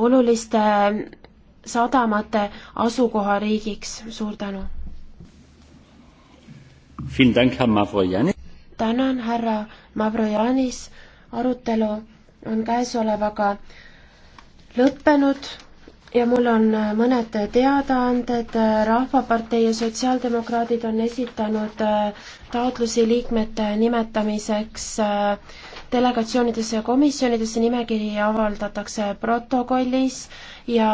oluliste äh, sadamate asukohariigiks. suur tänu! tänan, härra Mavrojanis, arutelu on käesolevaga lõppenud ja mul on äh, mõned teadaanded, Rahvapartei ja Sotsiaaldemokraadid on esitanud äh, taotlusi liikmete nimetamiseks delegatsioonidesse ja komisjonidesse nimekiri avaldatakse protokollis ja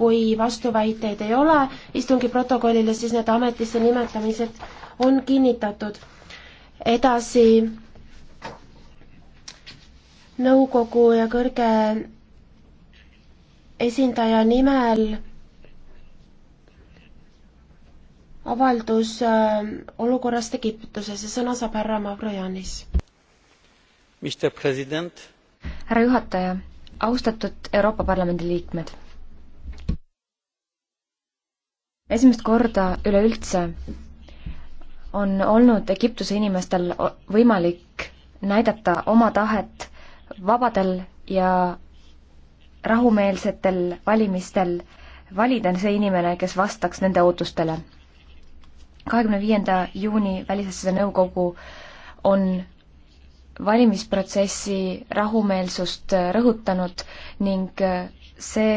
kui vastuväiteid ei ole istungi protokollile, siis need ametisse nimetamised on kinnitatud. edasi nõukogu ja kõrge esindaja nimel avaldus äh, olukorrast Egiptuses ja sõna saab härra Mavrojanis härra juhataja, austatud Euroopa Parlamendi liikmed. esimest korda üleüldse on olnud Egiptuse inimestel võimalik näidata oma tahet vabadel ja rahumeelsetel valimistel valida see inimene, kes vastaks nende ootustele. kahekümne viienda juuni Välisasjade Nõukogu on valimisprotsessi rahumeelsust rõhutanud ning see,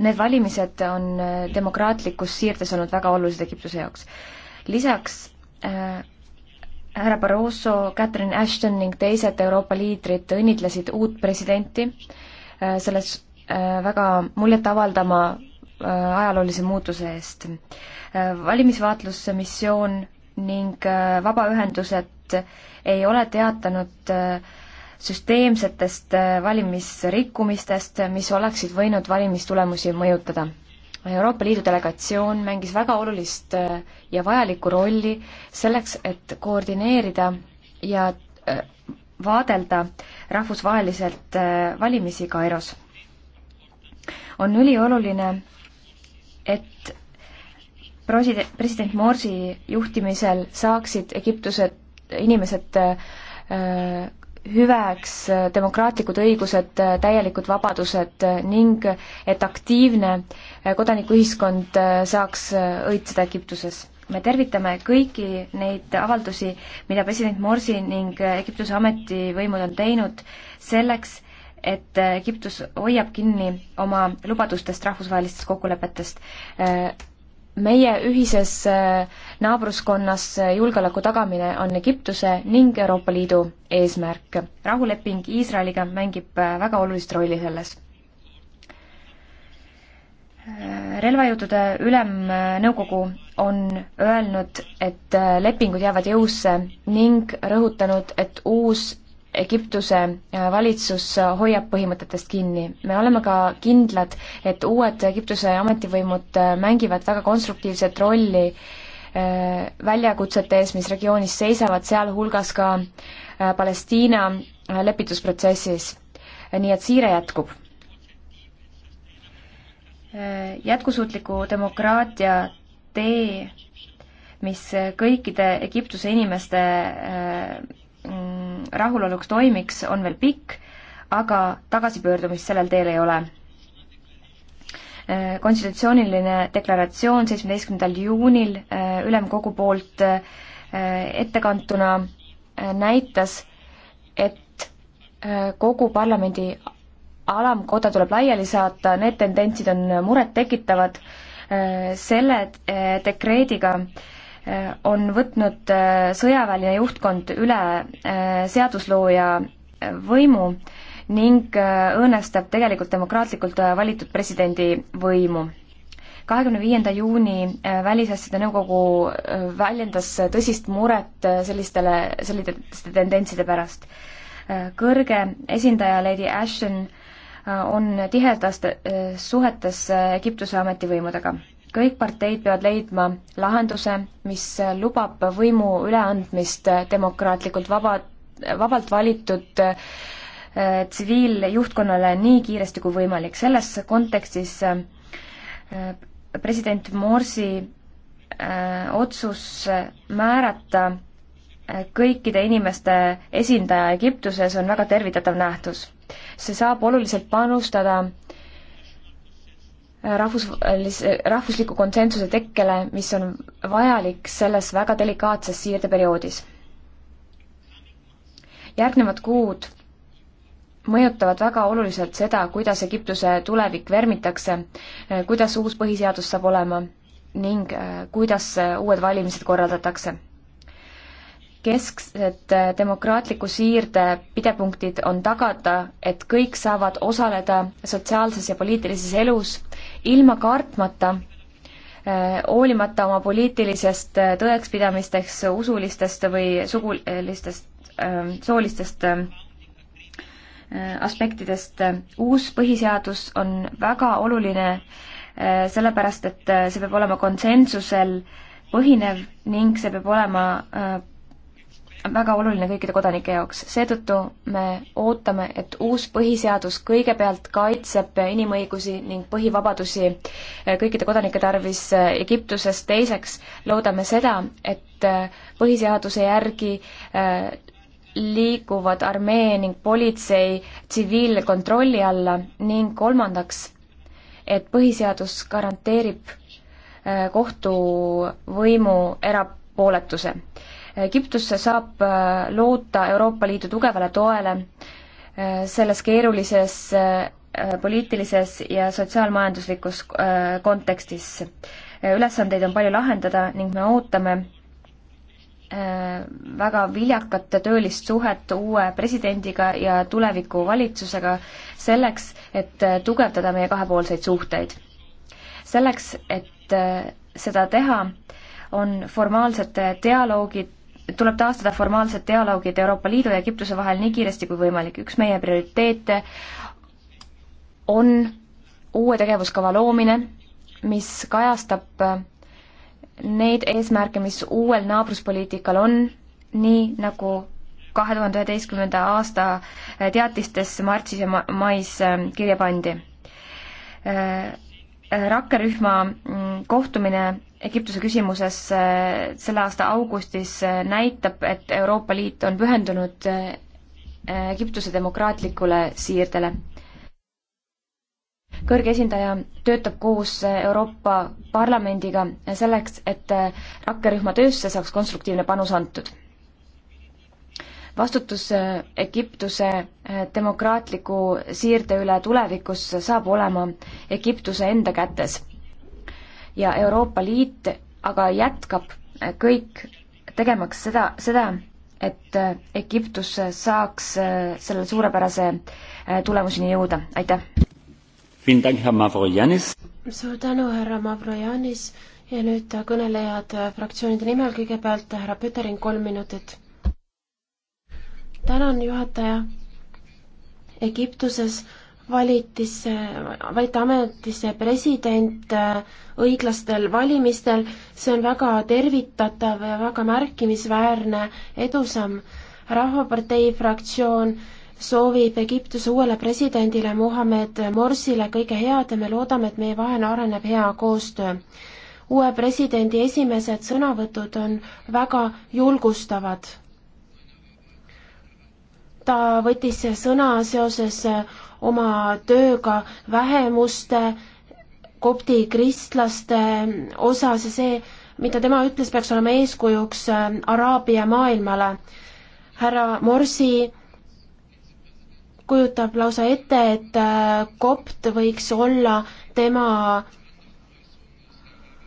need valimised on demokraatlikus siirdes olnud väga olulised Egiptuse jaoks. lisaks äh, härra Barroso, Catherine Ashton ning teised Euroopa liidrid õnnitlesid uut presidenti äh, selles äh, väga muljetavaldama äh, ajaloolise muutuse eest äh,. valimisvaatlusmissioon ning äh, vabaühendused Liit ei ole teatanud äh, süsteemsetest äh, valimisrikkumistest, mis oleksid võinud valimistulemusi mõjutada. Euroopa Liidu delegatsioon mängis väga olulist äh, ja vajalikku rolli selleks, et koordineerida ja vaadelda rahvusvaheliselt valimisi Kairos. on ülioluline, et president Morsi juhtimisel saaksid Egiptused inimesed äh, hüveks demokraatlikud õigused, täielikud vabadused ning et aktiivne äh, kodanikuühiskond äh, saaks õitseda Egiptuses. me tervitame kõiki neid avaldusi, mida president Morsi ning Egiptuse ametivõimud on teinud selleks, et Egiptus hoiab kinni oma lubadustest, rahvusvahelistest kokkulepetest meie ühises äh, naabruskonnas äh, julgeoleku tagamine on Egiptuse ning Euroopa Liidu eesmärk. rahuleping Iisraeliga mängib äh, väga olulist rolli selles. relvajõudude ülemnõukogu on öelnud, et lepingud jäävad jõusse ning rõhutanud, et uus Egiptuse valitsus hoiab põhimõtetest kinni. me oleme ka kindlad, et uued Egiptuse ametivõimud mängivad väga konstruktiivset rolli äh, väljakutsete ees, mis regioonis seisavad, sealhulgas ka äh, Palestiina äh, lepitusprotsessis. nii et siire jätkub. jätkusuutliku demokraatia tee, mis kõikide Egiptuse inimeste rahuloluks toimiks, on veel pikk, aga tagasipöördumist sellel teel ei ole. Äh, konstitutsiooniline deklaratsioon seitsmeteistkümnendal juunil äh, ülemkogu poolt äh, ettekantuna näitas, et kogu parlamendi alamkoda tuleb laiali saata, need tendentsid on murettekitavad, selle dekreediga äh, Äh, on võtnud äh, sõjaväeline juhtkond üle äh, seaduslooja võimu ning õõnestab tegelikult demokraatlikult valitud presidendi võimu. kahekümne viienda juuni Välisasjade Nõukogu väljendas tõsist muret sellistele, selliste tendentside pärast. kõrge esindaja Lady Ashton on tihedaste suhetes Egiptuse ametivõimudega kõik parteid peavad leidma lahenduse, mis lubab võimu üleandmist demokraatlikult vaba, vabalt valitud äh, tsiviiljuhtkonnale nii kiiresti kui võimalik. selles kontekstis äh, president Morsi äh, otsus määrata kõikide inimeste esindaja Egiptuses on väga tervitatav nähtus. see saab oluliselt panustada rahvusvahelise, rahvusliku konsensuse tekkele, mis on vajalik selles väga delikaatses siirdeperioodis. järgnevad kuud mõjutavad väga oluliselt seda, kuidas Egiptuse tulevik vermitakse, kuidas uus põhiseadus saab olema ning äh, kuidas äh, uued valimised korraldatakse. kesksed äh, demokraatliku siirde pidepunktid on tagada, et kõik saavad osaleda sotsiaalses ja poliitilises elus ilma kartmata äh, hoolimata oma poliitilisest äh, tõekspidamisteks, usulistest või sugulistest, ähm, soolistest ähm, äh, aspektidest. uus põhiseadus on väga oluline sellepärast, et see peab olema konsensusel põhinev ning see peab olema väga oluline kõikide kodanike jaoks, seetõttu me ootame, et uus põhiseadus kõigepealt kaitseb inimõigusi ning põhivabadusi eh, kõikide kodanike tarvis eh, Egiptuses, teiseks loodame seda, et eh, põhiseaduse järgi liiguvad armee ning politsei tsiviilkontrolli alla ning kolmandaks, et põhiseadus garanteerib kohtuvõimu erapooletuse Egiptusse saab äh, loota Euroopa Liidu tugevale toele äh, selles keerulises äh, poliitilises ja sotsiaalmajanduslikus kontekstis. ülesandeid on palju lahendada ning me ootame väga viljakat töölist suhet uue presidendiga ja tulevikuvalitsusega selleks, et tugevdada meie kahepoolseid suhteid. selleks, et seda teha, on formaalsed dialoogid tuleb taastada formaalsed dialoogid Euroopa Liidu ja Egiptuse vahel nii kiiresti kui võimalik. üks meie prioriteete on uue tegevuskava loomine, mis kajastab neid eesmärke, mis uuel naabruspoliitikal on, nii nagu kahe tuhande üheteistkümnenda aasta teatistes märtsis ja mais kirja pandi rakkerühma mm, kohtumine Egiptuse küsimuses äh, selle aasta augustis äh, näitab, et Euroopa Liit on pühendunud äh, Egiptuse demokraatlikule siirdele. kõrge esindaja töötab koos Euroopa Parlamendiga selleks, et rakkerühma töösse saaks konstruktiivne panus antud vastutus Egiptuse eh, demokraatliku siirde üle tulevikus saab olema Egiptuse enda kätes. ja Euroopa Liit aga jätkab eh, kõik tegemaks seda, seda, et eh, Egiptus saaks selle suurepärase tulemuseni jõuda, aitäh! suur tänu, härra Mavrojanis ja nüüd kõnelejad fraktsioonide nimel, kõigepealt härra Pütering, kolm minutit tänan, juhataja. Egiptuses valitisse, valiti ametisse president äh, õiglastel valimistel, see on väga tervitatav ja väga märkimisväärne edusamm. rahvapartei fraktsioon soovib Egiptuse uuele presidendile Mohammed Morsile kõige head ja me loodame, et meie vahel areneb hea koostöö. uue presidendi esimesed sõnavõtud on väga julgustavad ta võttis sõna seoses oma tööga vähemuste, kopti kristlaste osas ja see, mida tema ütles, peaks olema eeskujuks äh, Araabia maailmale. härra Morsi kujutab lausa ette, et äh, kopt võiks olla tema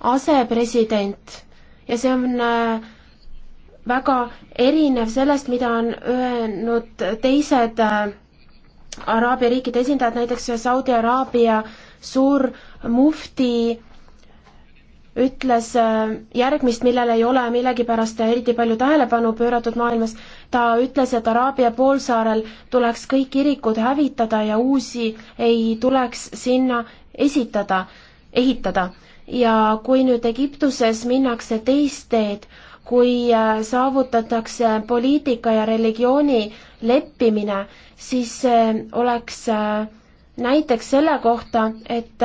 asepresident ja see on äh, väga erinev sellest, mida on öelnud teised äh, Araabia riikide esindajad, näiteks Saudi Araabia suur mufti ütles äh, järgmist, millele ei ole millegipärast eriti palju tähelepanu pööratud maailmas. ta ütles, et Araabia poolsaarel tuleks kõik kirikud hävitada ja uusi ei tuleks sinna esitada, ehitada. ja kui nüüd Egiptuses minnakse teist teed, kui äh, saavutatakse poliitika ja religiooni leppimine, siis äh, oleks äh, näiteks selle kohta, et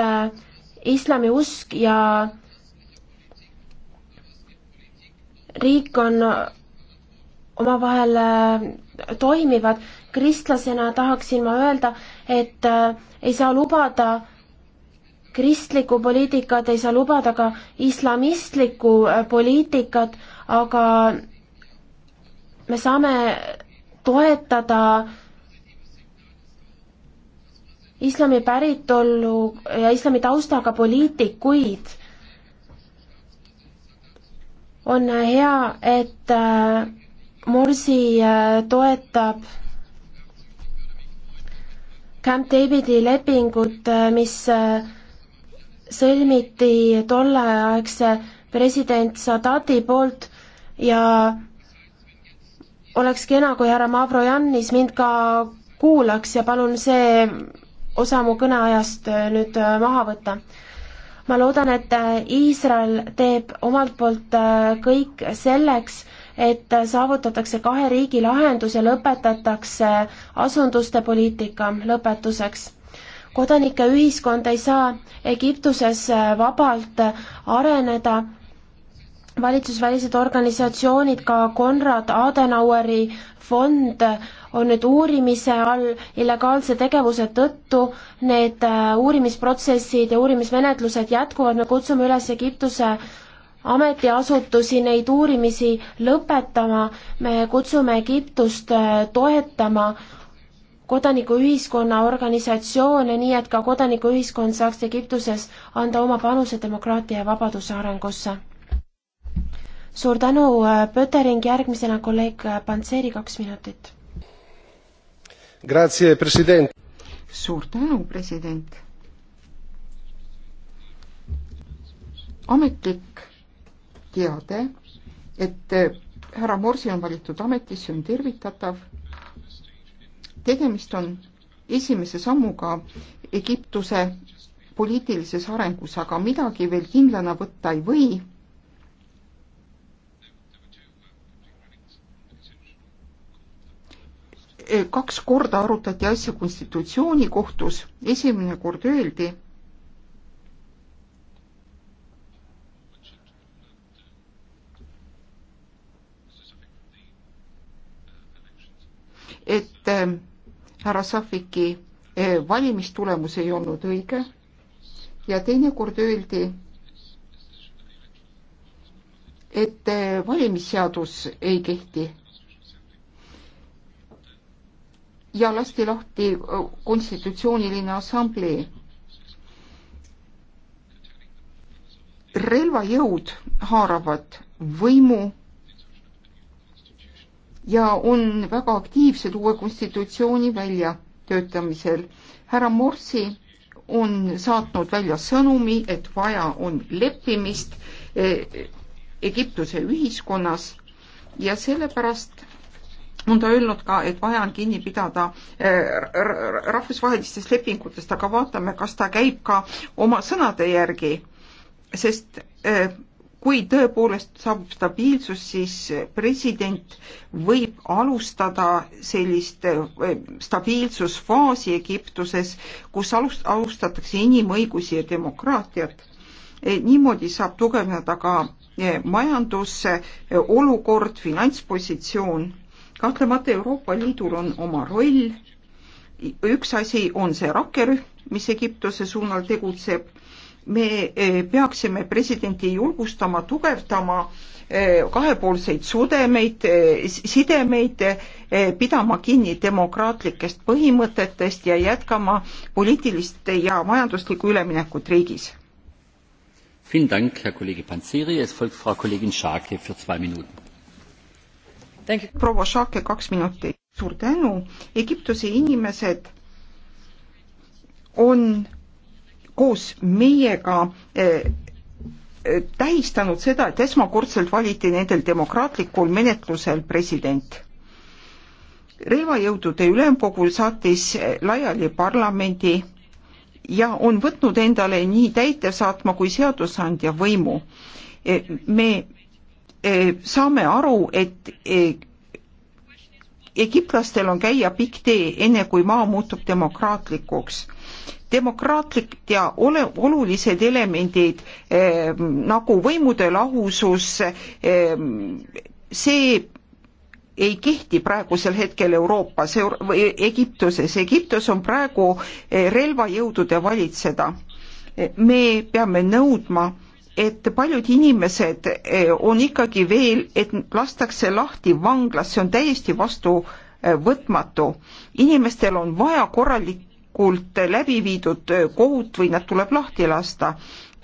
islami usk ja riik on omavahel toimivad. kristlasena tahaksin ma öelda, et ei saa lubada kristlikku poliitikat ei saa lubada ka islamistlikku äh, poliitikat, aga me saame toetada islami päritolu ja islami taustaga poliitikuid. on hea, et äh, Morsi äh, toetab Camp Davidi lepingut, mis sõlmiti tolleaegse president Sadati poolt ja oleks kena, kui härra Mavrojannis mind ka kuulaks ja palun see osa mu kõneajast äh, nüüd äh, maha võtta. ma loodan, et äh, Iisrael teeb omalt poolt kõik selleks, et saavutatakse kahe riigi lahendus ja lõpetatakse asunduste poliitika lõpetuseks kodanike ühiskond ei saa Egiptuses äh, vabalt äh, areneda. valitsusvälised organisatsioonid, ka Konrad Adenaueri fond äh, on nüüd uurimise all illegaalse tegevuse tõttu. Need uurimisprotsessid ja uurimismenetlused jätkuvad, me kutsume üles Egiptuse ametiasutusi neid uurimisi lõpetama, me kutsume Egiptust toetama kodanikuühiskonna organisatsioone, nii et ka kodanikuühiskond saaks Egiptuses anda oma panuse demokraatia ja vabaduse arengusse. suur tänu, äh, Pöttering, järgmisena kolleeg äh, Pantseri, kaks minutit. suur tänu, president. ametlik teade, et äh, härra Morsi on valitud ametisse, on tervitatav tegemist on esimese sammuga Egiptuse poliitilises arengus, aga midagi veel kindlana võtta ei või. kaks korda arutati asja konstitutsioonikohtus, esimene kord öeldi et ähm, härra Safiki äh, valimistulemus ei olnud õige ja teinekord öeldi, et äh, valimisseadus ei kehti. ja lasti lahti äh, konstitutsiooniline assamblee. relvajõud haaravad võimu ja on väga aktiivsed uue konstitutsiooni väljatöötamisel. härra Morsi on saatnud välja sõnumi, et vaja on leppimist e, Egiptuse ühiskonnas ja sellepärast on ta öelnud ka, et vaja on kinni pidada e, rahvusvahelistest lepingutest, aga vaatame, kas ta käib ka oma sõnade järgi, sest e, kui tõepoolest saabub stabiilsus, siis president võib alustada sellist eh, stabiilsusfaasi Egiptuses, kus alust-, alustatakse inimõigusi ja demokraatiat. Eh, niimoodi saab tugevneda ka eh, majandusolukord, finantspositsioon. kahtlemata Euroopa Liidul on oma roll, üks asi on see rakkerühm, mis Egiptuse suunal tegutseb me eh, peaksime presidenti julgustama tugevdama eh, kahepoolseid sudemeid, eh, sidemeid, pidama kinni demokraatlikest põhimõtetest ja jätkama poliitilist ja majanduslikku üleminekut riigis. proua Šake, kaks minutit. suur tänu. Egiptuse inimesed on koos meiega eh, eh, tähistanud seda, et esmakordselt valiti nendel demokraatlikul menetlusel president. relvajõudude ülemkogu saatis eh, laiali parlamendi ja on võtnud endale nii täitevsaatma kui seadusandja võimu. me saame aru, et egiptlastel on käia pikk tee, enne kui maa muutub demokraatlikuks demokraatlik ja ole, olulised elemendid eh, nagu võimude lahusus eh,, see ei kehti praegusel hetkel Euroopas või Egiptuses. Egiptus on praegu eh, relvajõudude valitseda. me peame nõudma, et paljud inimesed eh, on ikkagi veel, et lastakse lahti vanglas, see on täiesti vastuvõtmatu. Eh, inimestel on vaja korralik korralikult läbi viidud kohut või nad tuleb lahti lasta.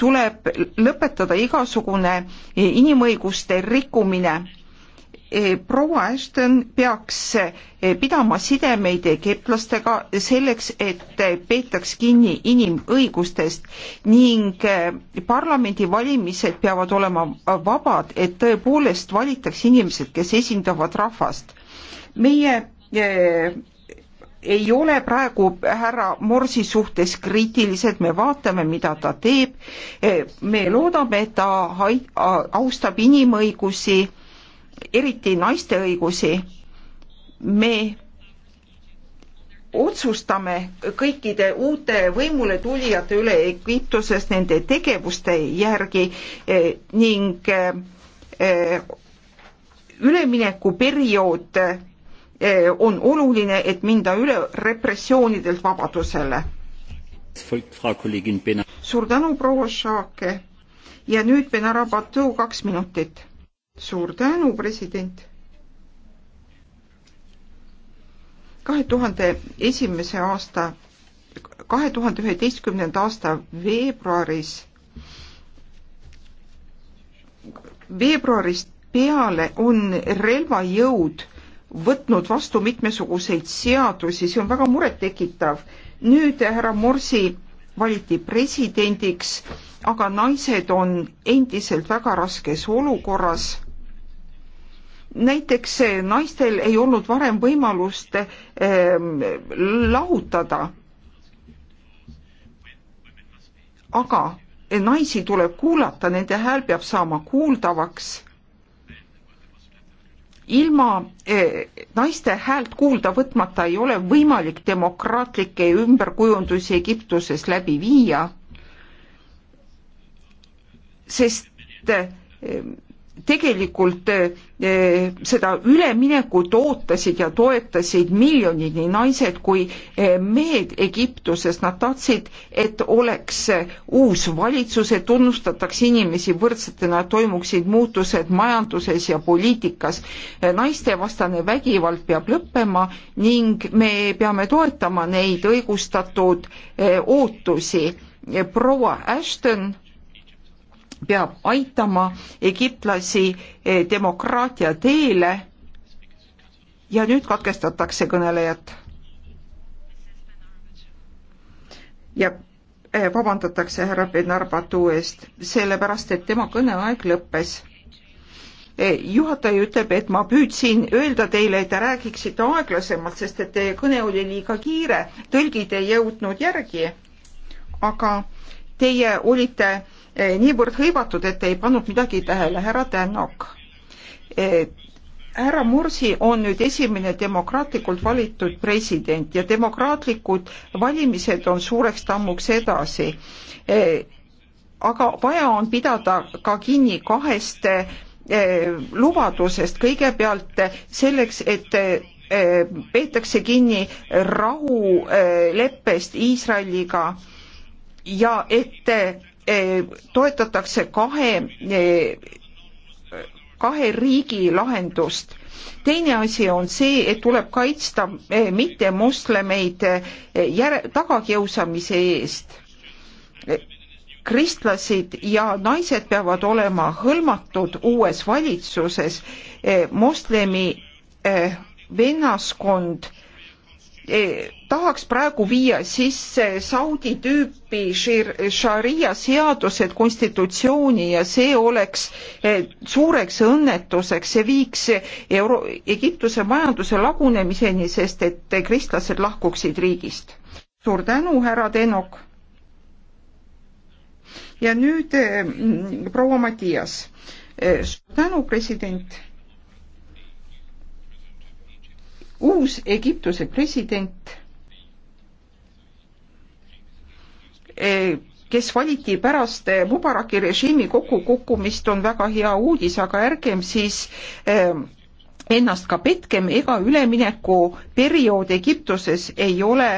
tuleb lõpetada igasugune inimõiguste rikkumine. E, proua Ashton peaks pidama sidemeid egiptlastega selleks, et peetaks kinni inimõigustest ning parlamendivalimised peavad olema vabad, et tõepoolest valitaks inimesed, kes esindavad rahvast. meie e, ei ole praegu härra Morsi suhtes kriitilised, me vaatame, mida ta teeb. me loodame, et ta austab inimõigusi, eriti naiste õigusi. me otsustame kõikide uute võimule tulijate üle Egiptuses nende tegevuste järgi eh, ning eh, eh, üleminekuperiood Eh, on oluline, et minda üle repressioonidelt vabadusele. suur tänu, proua Šaake. ja nüüd Benara Batu kaks minutit. suur tänu, president. kahe tuhande esimese aasta, kahe tuhande üheteistkümnenda aasta veebruaris, veebruarist peale on relvajõud võtnud vastu mitmesuguseid seadusi, see on väga murettekitav. nüüd härra Morsi valiti presidendiks, aga naised on endiselt väga raskes olukorras. näiteks eh, naistel ei olnud varem võimalust eh, lahutada. aga eh, naisi tuleb kuulata, nende hääl peab saama kuuldavaks ilma eh, naiste häält kuulda võtmata ei ole võimalik demokraatlikke ümberkujundusi Egiptuses läbi viia, sest eh, tegelikult eh, seda üleminekut ootasid ja toetasid miljonid nii naised kui eh, mehed Egiptuses, nad tahtsid, et oleks eh, uus valitsus, et tunnustataks inimesi võrdsetena, et toimuksid muutused majanduses ja poliitikas. naistevastane vägivald peab lõppema ning me peame toetama neid õigustatud ootusi. proua Ashton peab aitama egiptlasi eh, demokraatia teele. ja nüüd katkestatakse kõnelejat. ja eh, vabandatakse härra Benarbatu eest, sellepärast et tema kõneaeg lõppes. Eh, juhataja ütleb, et ma püüdsin öelda teile, et te räägiksite aeglasemalt, sest et teie kõne oli liiga kiire, tõlgid ei jõudnud järgi. aga teie olite Eh, niivõrd hõivatud, et ei pannud midagi tähele, härra Tänak. Eh, härra Mursi on nüüd esimene demokraatlikult valitud president ja demokraatlikud valimised on suureks tammuks edasi. Eh, aga vaja on pidada ka kinni kahest lubadusest, kõigepealt selleks, et peetakse kinni rahuleppest Iisraeliga ja et Eh, toetatakse kahe, eh, kahe riigi lahendust. teine asi on see, et tuleb kaitsta eh, mittemoslemeid järe-, tagakiusamise eest kristlased ja naised peavad olema hõlmatud uues valitsuses. moslemi vennaskond tahaks praegu viia sisse Saudi tüüpi šaria seadused konstitutsiooni ja see oleks eh, suureks õnnetuseks, see viiks Euro Egiptuse majanduse lagunemiseni, sest et kristlased lahkuksid riigist. suur tänu, härra Tenok. ja nüüd mm, proua Matias. Eh, suur tänu, president. uus Egiptuse president Eh, kes valiti pärast eh, Mubaraki režiimi kokkukukkumist, on väga hea uudis, aga ärgem siis eh, ennast ka petkem, ega üleminekuperiood Egiptuses ei ole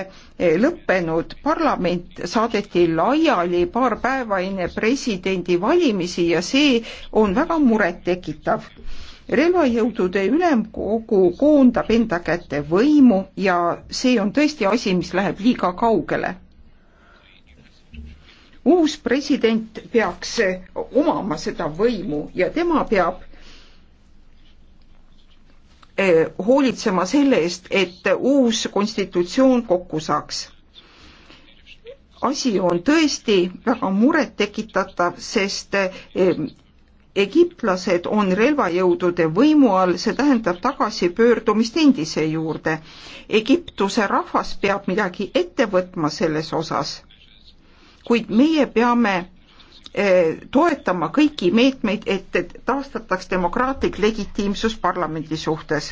lõppenud, parlament saadeti laiali paar päeva enne presidendivalimisi ja see on väga murettekitav relvajõudude ülemkogu koondab enda kätte võimu ja see on tõesti asi, mis läheb liiga kaugele uus president peaks omama seda võimu ja tema peab eh, hoolitsema selle eest, et uus konstitutsioon kokku saaks. asi on tõesti väga murettekitatav, sest eh, egiptlased on relvajõudude võimu all, see tähendab tagasipöördumist endise juurde. Egiptuse rahvas peab midagi ette võtma selles osas kuid meie peame eh, toetama kõiki meetmeid, et taastataks demokraatlik legitiimsus parlamendi suhtes.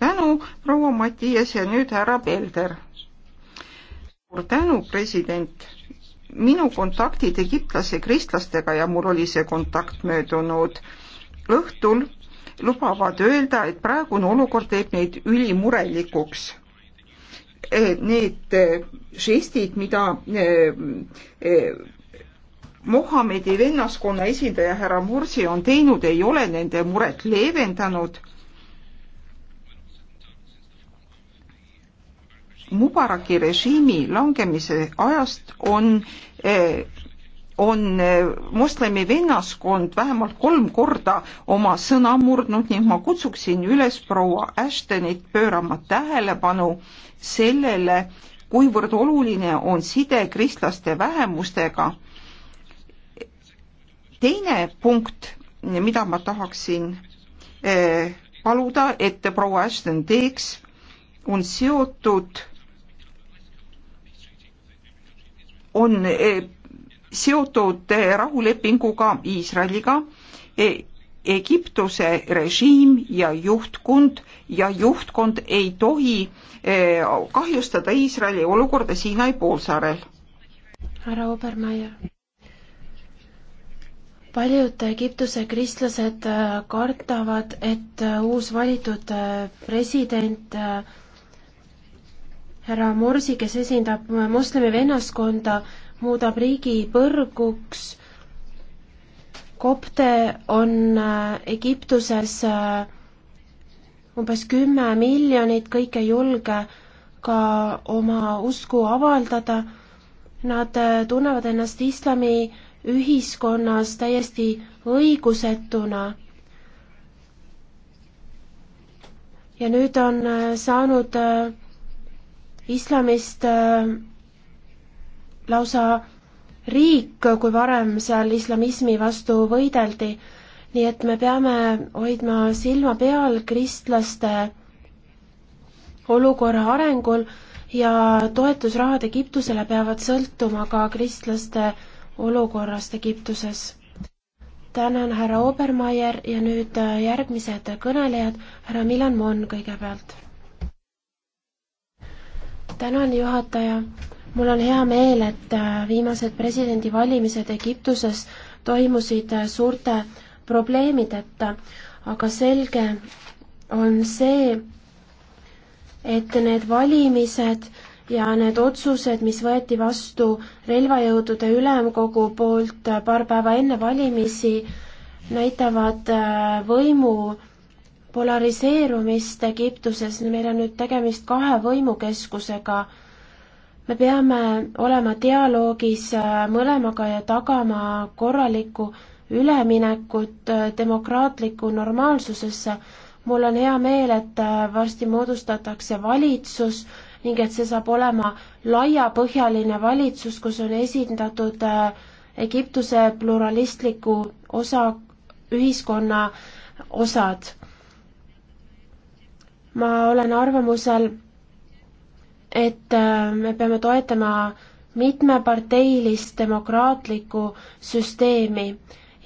tänu, proua Matias ja nüüd härra Pelder. suur tänu, president. minu kontaktid egiptlase kristlastega ja mul oli see kontakt möödunud õhtul, lubavad öelda, et praegune olukord teeb neid ülimurelikuks Äh, need äh, žestid, mida äh, Mohamedi vennaskonna esindaja härra Mursi on teinud, ei ole nende muret leevendanud. Mubaraki režiimi langemise ajast on on eh, moslemi vennaskond vähemalt kolm korda oma sõna murdnud ning ma kutsuksin üles proua Ashtonit pöörama tähelepanu sellele, kuivõrd oluline on side kristlaste vähemustega. teine punkt, mida ma tahaksin eh, paluda, et proua Ashton teeks, on seotud on eh, seotud rahulepinguga Iisraeliga e. Egiptuse režiim ja juhtkond ja juhtkond ei tohi eh, kahjustada Iisraeli olukorda Siinai poolsaarel. härra Obermeier. paljud Egiptuse kristlased e, kardavad, et e, uus valitud e, president härra Morsi, kes esindab moslemi vennaskonda, muudab riigi põrguks. kopte on äh, Egiptuses äh, umbes kümme miljonit, kõik ei julge ka oma usku avaldada. Nad äh, tunnevad ennast islami ühiskonnas täiesti õigusetuna. ja nüüd on saanud islamist lausa riik, kui varem seal islamismi vastu võideldi. nii et me peame hoidma silma peal kristlaste olukorra arengul ja toetusrahad Egiptusele peavad sõltuma ka kristlaste olukorrast Egiptuses. tänan, härra Obermeier ja nüüd järgmised kõnelejad, härra Milan Mon kõigepealt. tänan, juhataja mul on hea meel, et äh, viimased presidendivalimised Egiptuses toimusid äh, suurte probleemideta, aga selge on see, et need valimised ja need otsused, mis võeti vastu relvajõudude ülemkogu poolt äh, paar päeva enne valimisi, näitavad võimu polariseerumist Egiptuses, meil on nüüd tegemist kahe võimukeskusega me peame olema dialoogis äh, mõlemaga ja tagama korraliku üleminekut äh, demokraatlikku normaalsusesse. mul on hea meel, et äh, varsti moodustatakse valitsus ning et see saab olema laiapõhjaline valitsus, kus on esindatud Egiptuse pluralistliku osa, ühiskonna osad. ma olen arvamusel, et äh, me peame toetama mitmeparteilist demokraatlikku süsteemi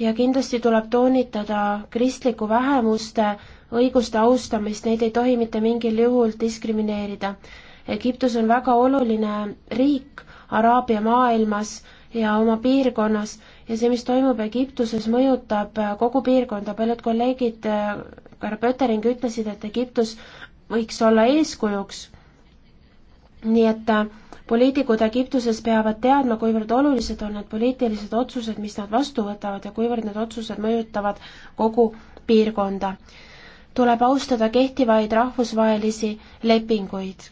ja kindlasti tuleb toonitada kristliku vähemuste õiguste austamist, neid ei tohi mitte mingil juhul diskrimineerida. Egiptus on väga oluline riik Araabia maailmas ja oma piirkonnas ja see, mis toimub Egiptuses, mõjutab äh, kogu piirkonda, paljud kolleegid, äh, härra Pöttering ütlesid, et Egiptus võiks olla eeskujuks nii et äh, poliitikud Egiptuses peavad teadma, kuivõrd olulised on need poliitilised otsused, mis nad vastu võtavad ja kuivõrd need otsused mõjutavad kogu piirkonda. tuleb austada kehtivaid rahvusvahelisi lepinguid.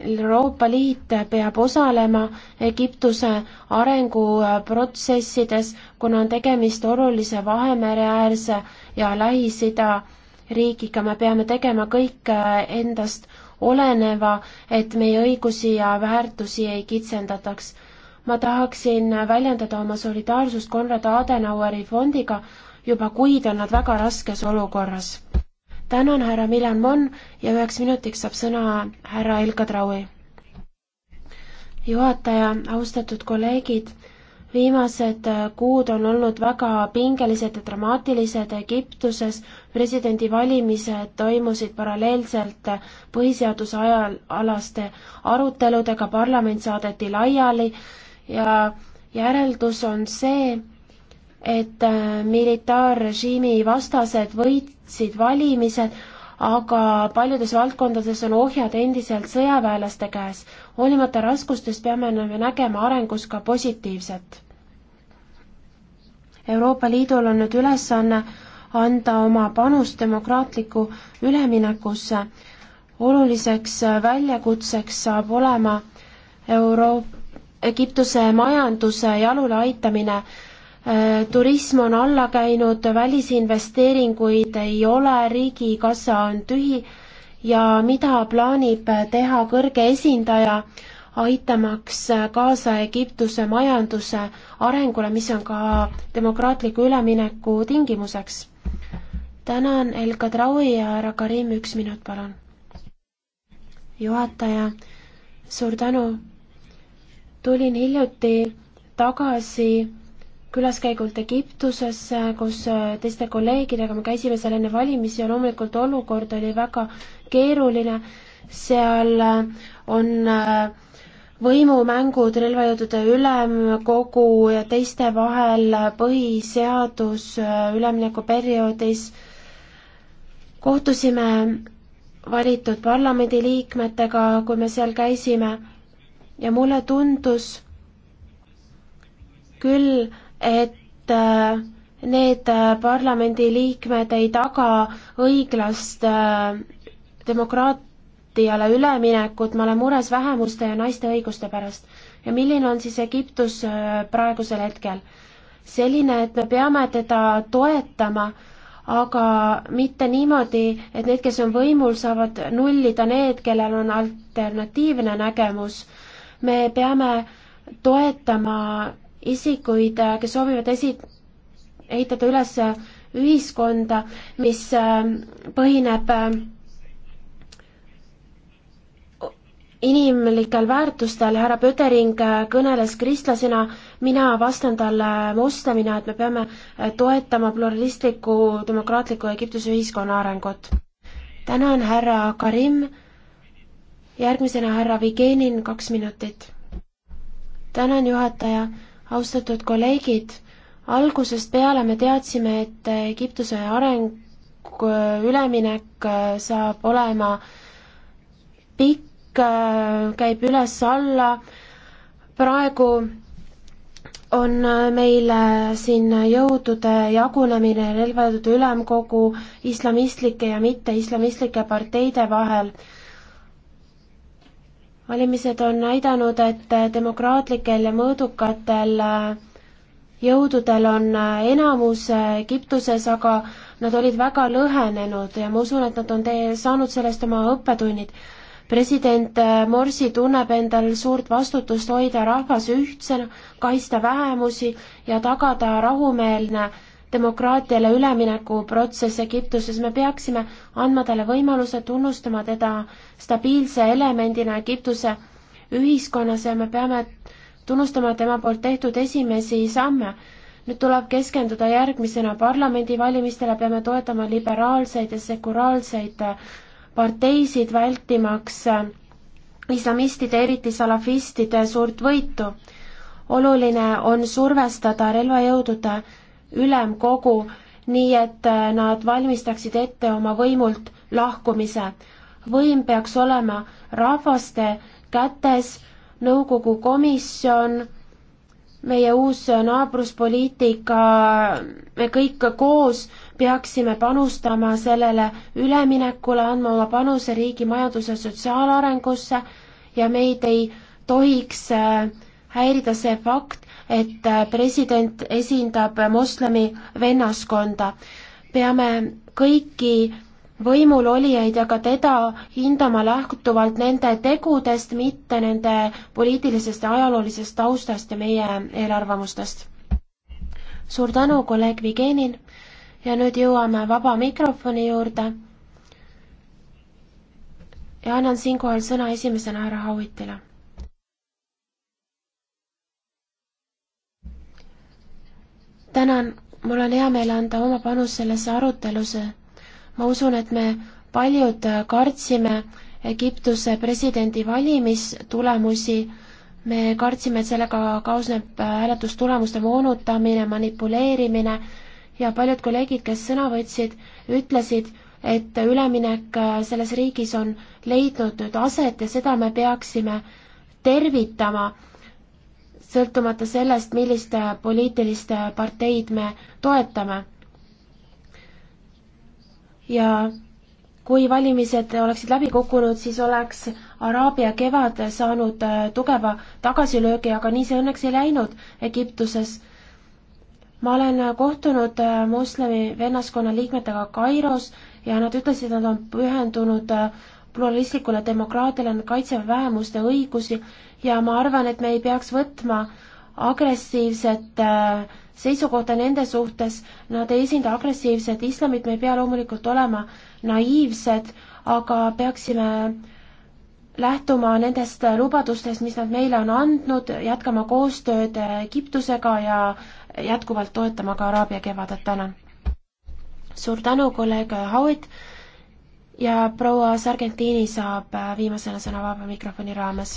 Euroopa Liit peab osalema Egiptuse arenguprotsessides, kuna on tegemist olulise Vahemereäärse ja Lähis-Ida riigiga, me peame tegema kõik äh, endast oleneva, et meie õigusi ja väärtusi ei kitsendataks. ma tahaksin väljendada oma solidaarsust Konrad Adenaueri fondiga, juba kuid on nad väga raskes olukorras. tänan, härra Milan Mon ja üheks minutiks saab sõna härra Elka Traui. juhataja, austatud kolleegid viimased äh, kuud on olnud väga pingelised ja dramaatilised Egiptuses. presidendivalimised toimusid paralleelselt äh, põhiseaduse ajal alaste aruteludega, parlament saadeti laiali ja järeldus on see, et äh, militaarrežiimi vastased võitsid valimised, aga paljudes valdkondades on ohjad endiselt sõjaväelaste käes hoolimata raskustest peame me nägema arengus ka positiivset. Euroopa Liidul on nüüd ülesanne anda oma panus demokraatliku üleminekusse. oluliseks väljakutseks saab olema Euro-, Egiptuse majanduse jalule aitamine. Äh, turism on alla käinud, välisinvesteeringuid ei ole, riigikassa on tühi ja mida plaanib teha kõrge esindaja, aitamaks kaasa Egiptuse majanduse arengule, mis on ka demokraatliku ülemineku tingimuseks. tänan, Elka Traui ja härra Karim, üks minut, palun. juhataja, suur tänu. tulin hiljuti tagasi külaskäigult Egiptuses, kus äh, teiste kolleegidega me käisime seal enne valimisi ja loomulikult olukord oli väga keeruline. seal äh, on äh, võimumängud relvajõudude ülemkogu ja teiste vahel, põhiseadus üleminekuperioodis. kohtusime valitud parlamendiliikmetega, kui me seal käisime ja mulle tundus küll, et äh, need äh, parlamendiliikmed ei taga õiglast äh, demokraatiale üleminekut, ma olen mures vähemuste ja naiste õiguste pärast. ja milline on siis Egiptus praegusel hetkel? selline, et me peame teda toetama, aga mitte niimoodi, et need, kes on võimul, saavad nullida need, kellel on alternatiivne nägemus. me peame toetama isikuid, äh, kes soovivad esi-, ehitada üles äh, ühiskonda, mis äh, põhineb inimlikel väärtustel, härra Pödering kõneles kristlasena, mina vastan talle moslemina, et me peame toetama pluralistliku demokraatliku Egiptuse ühiskonna arengut. tänan, härra Karim, järgmisena härra Vigenin, kaks minutit. tänan, juhataja austatud kolleegid, algusest peale me teadsime, et Egiptuse areng, äh, üleminek äh, saab olema pikk, äh, käib üles-alla, praegu on meil siin jõudude jagunemine, relvadude ülemkogu, islamistlike ja mitte-islamistlike parteide vahel valimised on näidanud, et demokraatlikel ja mõõdukatel jõududel on enamus Egiptuses, aga nad olid väga lõhenenud ja ma usun, et nad on saanud sellest oma õppetunnid. president Morsi tunneb endal suurt vastutust hoida rahvas ühtsena, kaitsta vähemusi ja tagada rahumeelne demokraatiale ülemineku protsess Egiptuses, me peaksime andma talle võimaluse tunnustama teda stabiilse elemendina Egiptuse ühiskonnas ja me peame tunnustama tema poolt tehtud esimesi samme. nüüd tuleb keskenduda järgmisena parlamendivalimistele, peame toetama liberaalseid ja sekuraalseid parteisid, vältimaks äh, islamistide, eriti salafistide suurt võitu. oluline on survestada relvajõudude ülemkogu, nii et äh, nad valmistaksid ette oma võimult lahkumise. võim peaks olema rahvaste kätes, nõukogu komisjon, meie uus naabruspoliitika, me kõik koos peaksime panustama sellele üleminekule, andma oma panuse riigi majanduse sotsiaalarengusse ja meid ei tohiks äh, häirida see fakt, et äh, president esindab moslemi vennaskonda. peame kõiki võimulolijaid ja ka teda hindama lähtuvalt nende tegudest, mitte nende poliitilisest ja ajaloolisest taustast ja meie eelarvamustest. suur tänu, kolleeg Vigenin ja nüüd jõuame vaba mikrofoni juurde. ja annan siinkohal sõna esimesena härra Hauitile tänan, mul on hea meel anda oma panus sellesse arutelusse. ma usun, et me paljud kartsime Egiptuse presidendi valimistulemusi, me kartsime, et sellega kaasneb hääletustulemuste moonutamine, manipuleerimine ja paljud kolleegid, kes sõna võtsid, ütlesid, et üleminek selles riigis on leidnud nüüd aset ja seda me peaksime tervitama sõltumata sellest, millist poliitilist parteid me toetame. ja kui valimised oleksid läbi kukkunud, siis oleks Araabia kevad saanud tugeva tagasilöögi, aga nii see õnneks ei läinud Egiptuses. ma olen kohtunud moslemi vennaskonna liikmetega Kairos ja nad ütlesid, et nad on pühendunud pluralistlikule demokraatiale on kaitsev vähemuste õigusi ja ma arvan, et me ei peaks võtma agressiivset äh, seisukohta nende suhtes, nad ei esinda agressiivset islamit, me ei pea loomulikult olema naiivsed, aga peaksime lähtuma nendest lubadustest, mis nad meile on andnud, jätkama koostööd Egiptusega ja jätkuvalt toetama ka Araabia kevadet, tänan! suur tänu, kolleeg Howitt! ja proua Sargentini saab äh, viimasena sõna vaba mikrofoni raames.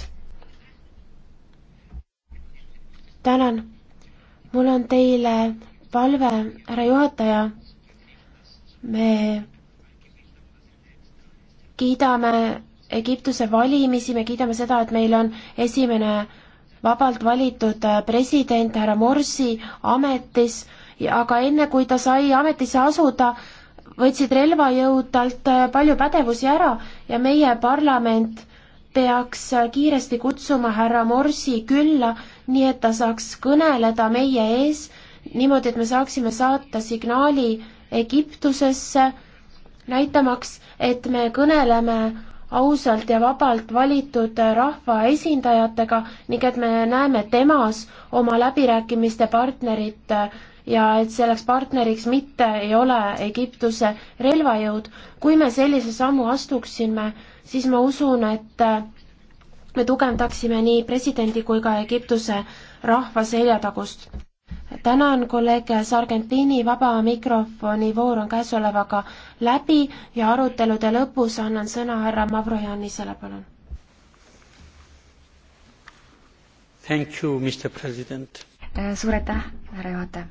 tänan. mul on teile palve, härra juhataja. me kiidame Egiptuse valimisi, me kiidame seda, et meil on esimene vabalt valitud äh, president härra Morsi ametis, aga enne kui ta sai ametisse asuda, võtsid relvajõud talt äh, palju pädevusi ära ja meie parlament peaks äh, kiiresti kutsuma härra Morsi külla, nii et ta saaks kõneleda meie ees, niimoodi, et me saaksime saata signaali Egiptusesse, näitamaks, et me kõneleme ausalt ja vabalt valitud äh, rahvaesindajatega ning et me näeme temas oma läbirääkimiste partnerit ja et selleks partneriks mitte ei ole Egiptuse relvajõud. kui me sellise sammu astuksime, siis ma usun, et äh, me tugevdaksime nii presidendi kui ka Egiptuse rahva seljatagust. tänan kolleeg Sargentini, vaba mikrofoni voor on käesolevaga läbi ja arutelude lõpus annan sõna härra Mavrojanisele, palun. Thank you, Mr President. Äh, suur aitäh, härra juhataja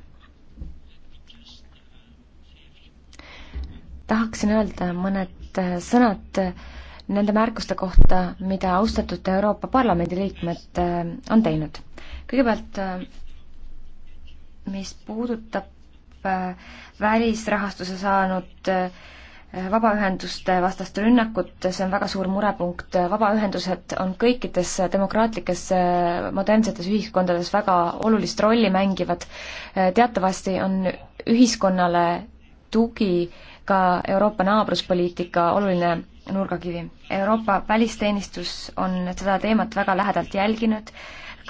tahaksin öelda mõned äh, sõnad äh, nende märkuste kohta, mida austatud Euroopa Parlamendi liikmed äh, on teinud. kõigepealt, mis puudutab välisrahastuse saanud vabaühenduste vastast rünnakut, see on väga suur murepunkt, vabaühendused on kõikides demokraatlikes modernsetes ühiskondades väga olulist rolli mängivad. teatavasti on ühiskonnale tugi ka Euroopa naabruspoliitika oluline nurgakivi. Euroopa välisteenistus on seda teemat väga lähedalt jälginud,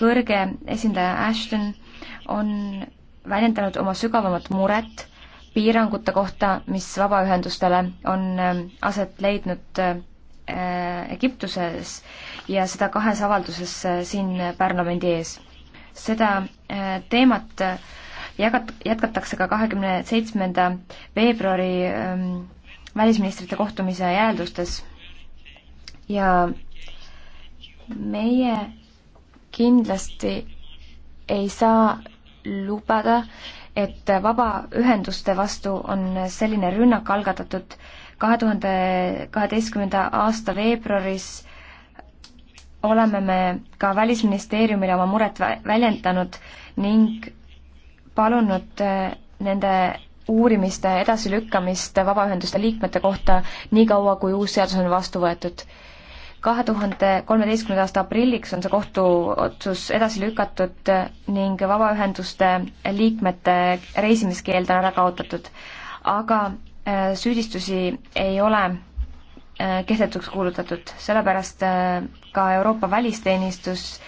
kõrge esindaja Ashton on väljendanud oma sügavamat muret piirangute kohta, mis vabaühendustele on ähm, aset leidnud äh, Egiptuses ja seda kahes avalduses äh, siin parlamendi ees. seda äh, teemat jagat-, jätkatakse ka kahekümne seitsmenda veebruari ähm, välisministrite kohtumise järeldustes ja meie kindlasti ei saa lubada, et vabaühenduste vastu on selline rünnak algatatud kahe tuhande kaheteistkümnenda aasta veebruaris oleme me ka Välisministeeriumile oma muret väljendanud ning palunud eh, nende uurimiste edasilükkamist vabaühenduste liikmete kohta niikaua, kui uus seadus on vastu võetud. kahe tuhande kolmeteistkümnenda aasta aprilliks on see kohtuotsus edasi lükatud eh, ning vabaühenduste liikmete reisimiskeeld on ära kaotatud. aga eh, süüdistusi ei ole kehtetuks kuulutatud, sellepärast ka Euroopa välisteenistus äh,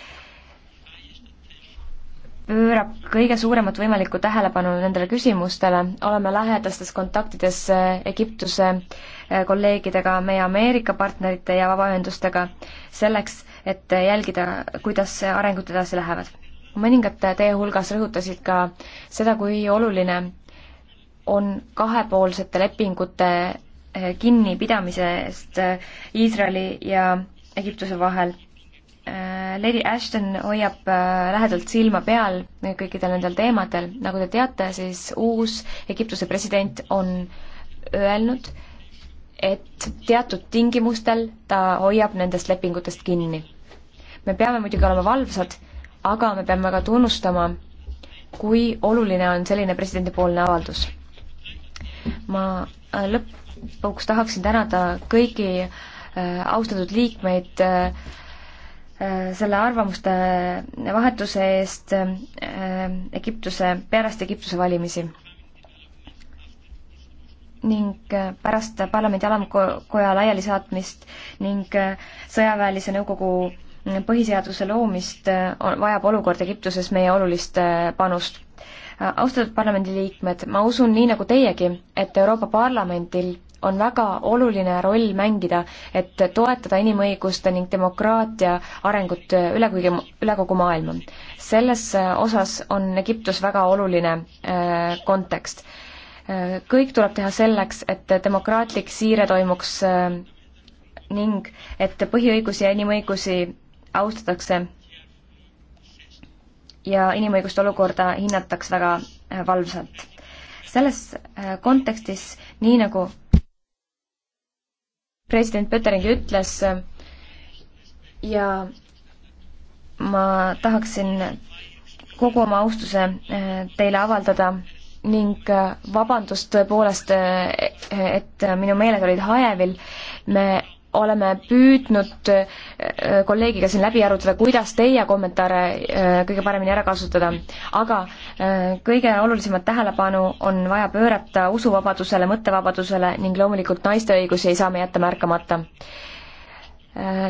pöörab kõige suuremat võimalikku tähelepanu nendele küsimustele, oleme lähedastes kontaktides eh, Egiptuse eh, kolleegidega, meie Ameerika partnerite ja vabaühendustega, selleks, et eh, jälgida, kuidas arengud edasi lähevad. mõningad teie hulgas rõhutasid ka seda, kui oluline on kahepoolsete lepingute kinnipidamisest Iisraeli ja Egiptuse vahel Äh, Lady Ashton hoiab äh, lähedalt silma peal kõikidel nendel teemadel, nagu te teate, siis uus Egiptuse president on öelnud, et teatud tingimustel ta hoiab nendest lepingutest kinni. me peame muidugi olema valvsad, aga me peame ka tunnustama, kui oluline on selline presidendipoolne avaldus. ma äh, lõpuks tahaksin tänada kõigi austatud liikmeid äh, selle arvamuste vahetuse eest äh, Egiptuse, pärast Egiptuse valimisi. ning äh, pärast parlamendi alamkoja laialisaatmist ning äh, sõjaväelise nõukogu mm, põhiseaduse loomist vajab olukord Egiptuses meie olulist panust. austatud parlamendiliikmed, ma usun, nii nagu teiegi, et Euroopa Parlamendil on väga oluline roll mängida, et toetada inimõiguste ning demokraatia arengut üle kõige, üle kogu maailma. selles äh, osas on Egiptus väga oluline äh, kontekst. Äh, kõik tuleb teha selleks, et demokraatlik siire toimuks ning et põhiõigusi ja inimõigusi austatakse ja inimõiguste olukorda hinnataks väga valvsalt. selles kontekstis, nii nagu president Pötteringi ütles ja ma tahaksin kogu oma austuse äh, teile avaldada ning äh, vabandust tõepoolest, äh, et minu meeled olid hajevil. me oleme püüdnud äh, kolleegiga siin läbi arutada, kuidas teie kommentaare äh, kõige paremini ära kasutada. aga äh, kõige olulisemat tähelepanu on vaja pöörata usuvabadusele, mõttevabadusele ning loomulikult naiste õigusi ei saa me jätta märkamata.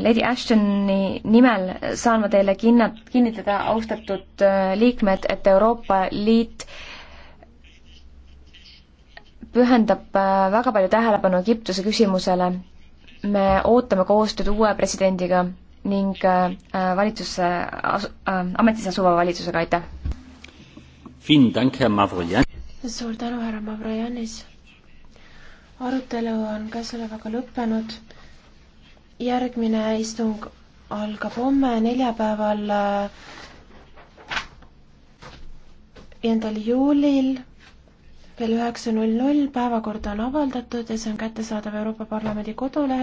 Lady Ashtoni nimel saan ma teile kinna-, kinnitada, austatud liikmed, et Euroopa Liit pühendab väga palju tähelepanu Egiptuse küsimusele me ootame koostööd uue presidendiga ning äh, valitsuse asu-, äh, ametis asuva valitsusega, aitäh! suur tänu, härra Mavrojanis! arutelu on käesolevaga lõppenud, järgmine istung algab homme, neljapäeval, viiendal äh, juulil kell üheksa null null, päevakord on avaldatud ja see on kättesaadav Euroopa Parlamendi koduleheküljel.